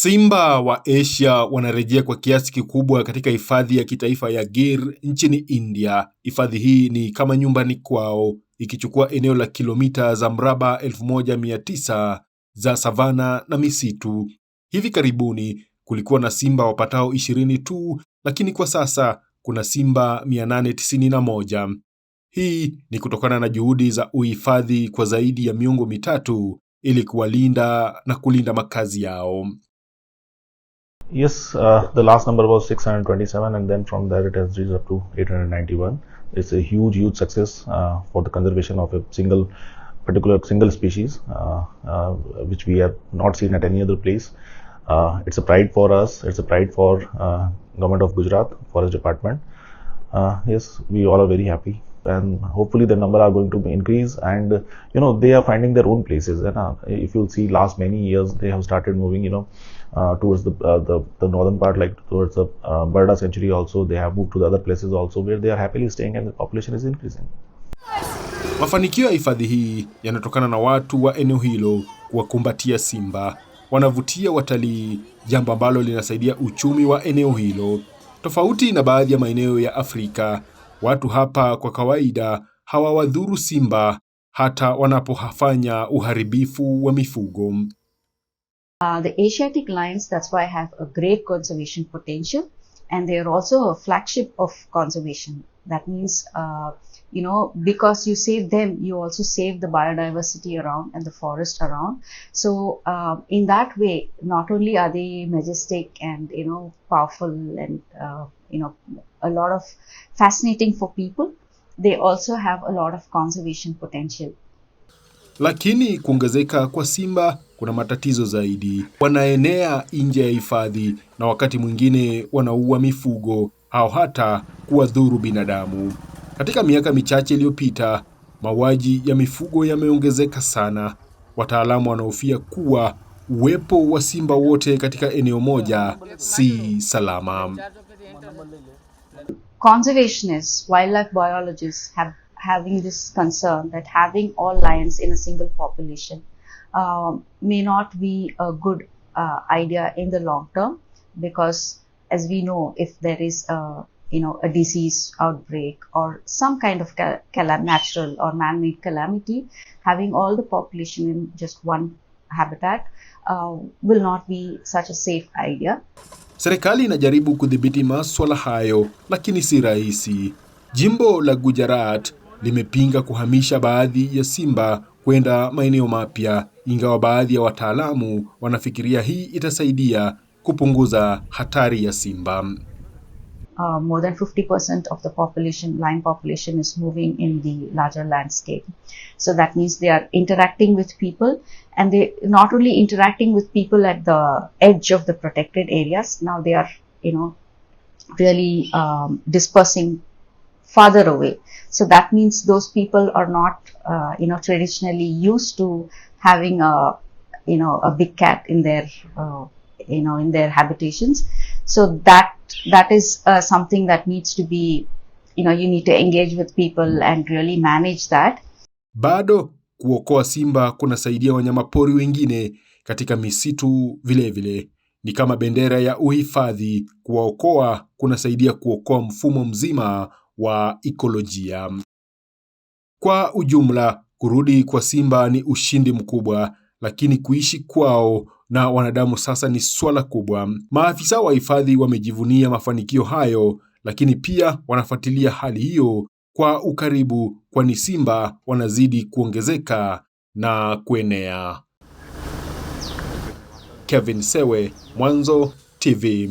Simba wa Asia wanarejea kwa kiasi kikubwa katika hifadhi ya kitaifa ya Gir nchini India. Hifadhi hii ni kama nyumbani kwao, ikichukua eneo la kilomita za mraba 1900 za savana na misitu. Hivi karibuni kulikuwa na simba wapatao 20 tu, lakini kwa sasa kuna simba 891. Hii ni kutokana na juhudi za uhifadhi kwa zaidi ya miongo mitatu ili kuwalinda na kulinda makazi yao. yes uh, the last number was 627 and then from there it has reached up to 891 it's a huge huge success uh, for the conservation of a single particular single species uh, uh which we have not seen at any other place uh, it's a pride for us it's a pride for uh, government of gujarat forest department yes we all are very happy and hopefully the number are going to increase and you know they are finding their own places and uh, if you see last many years they have started moving you know uh, towards the, uh, the, the northern part like towards the uh, Barda century also they have moved to the other places also where they are happily staying and the population is increasing Mafanikio ya hifadhi hii yanatokana na watu wa eneo hilo kuwakumbatia simba. Wanavutia watalii, jambo ambalo linasaidia uchumi wa eneo hilo. Tofauti na baadhi ya maeneo ya Afrika Watu hapa kwa kawaida hawawadhuru simba hata wanapofanya uharibifu wa mifugo. Uh, the Asiatic lions that's why have a great conservation potential and they are also a flagship of conservation. That means uh, you know because you save them you also save the biodiversity around and the forest around so uh, in that way not only are they majestic and you know powerful and uh, you know a lot of fascinating for people. They also have a lot of conservation potential. Lakini kuongezeka kwa simba kuna matatizo zaidi. Wanaenea nje ya hifadhi na wakati mwingine wanaua mifugo au hata kuwadhuru binadamu. Katika miaka michache iliyopita, mauaji ya mifugo yameongezeka sana. Wataalamu wanahofia kuwa uwepo wa simba wote katika eneo moja si salama. conservationists, wildlife biologists have having this concern that having all lions in a single population uh, may not be a good uh, idea in the long term because as we know if there is a you know a disease outbreak or some kind of natural or man-made calamity having all the population in just one habitat uh, will not be such a safe idea. Serikali inajaribu kudhibiti maswala hayo lakini si rahisi. Jimbo la Gujarat limepinga kuhamisha baadhi ya simba kwenda maeneo mapya, ingawa baadhi ya wataalamu wanafikiria hii itasaidia kupunguza hatari ya simba. uh, more than 50% of the population, lion population is moving in the larger landscape. So that means they are interacting with people and they not only interacting with people at the edge of the protected areas, now they are, you know, really um, dispersing farther away. So that means those people are not, uh, you know, traditionally used to having a, you know, a big cat in their, uh, you know, in their habitations. So that that is uh, something that needs to be you know you need to engage with people and really manage that. Bado kuokoa simba kunasaidia wanyamapori wengine katika misitu vilevile vile. Ni kama bendera ya uhifadhi, kuwaokoa kunasaidia kuokoa mfumo mzima wa ikolojia. Kwa ujumla, kurudi kwa simba ni ushindi mkubwa, lakini kuishi kwao na wanadamu sasa ni swala kubwa. Maafisa wa hifadhi wamejivunia mafanikio hayo, lakini pia wanafuatilia hali hiyo kwa ukaribu, kwani simba wanazidi kuongezeka na kuenea. Kevin Sewe, Mwanzo TV.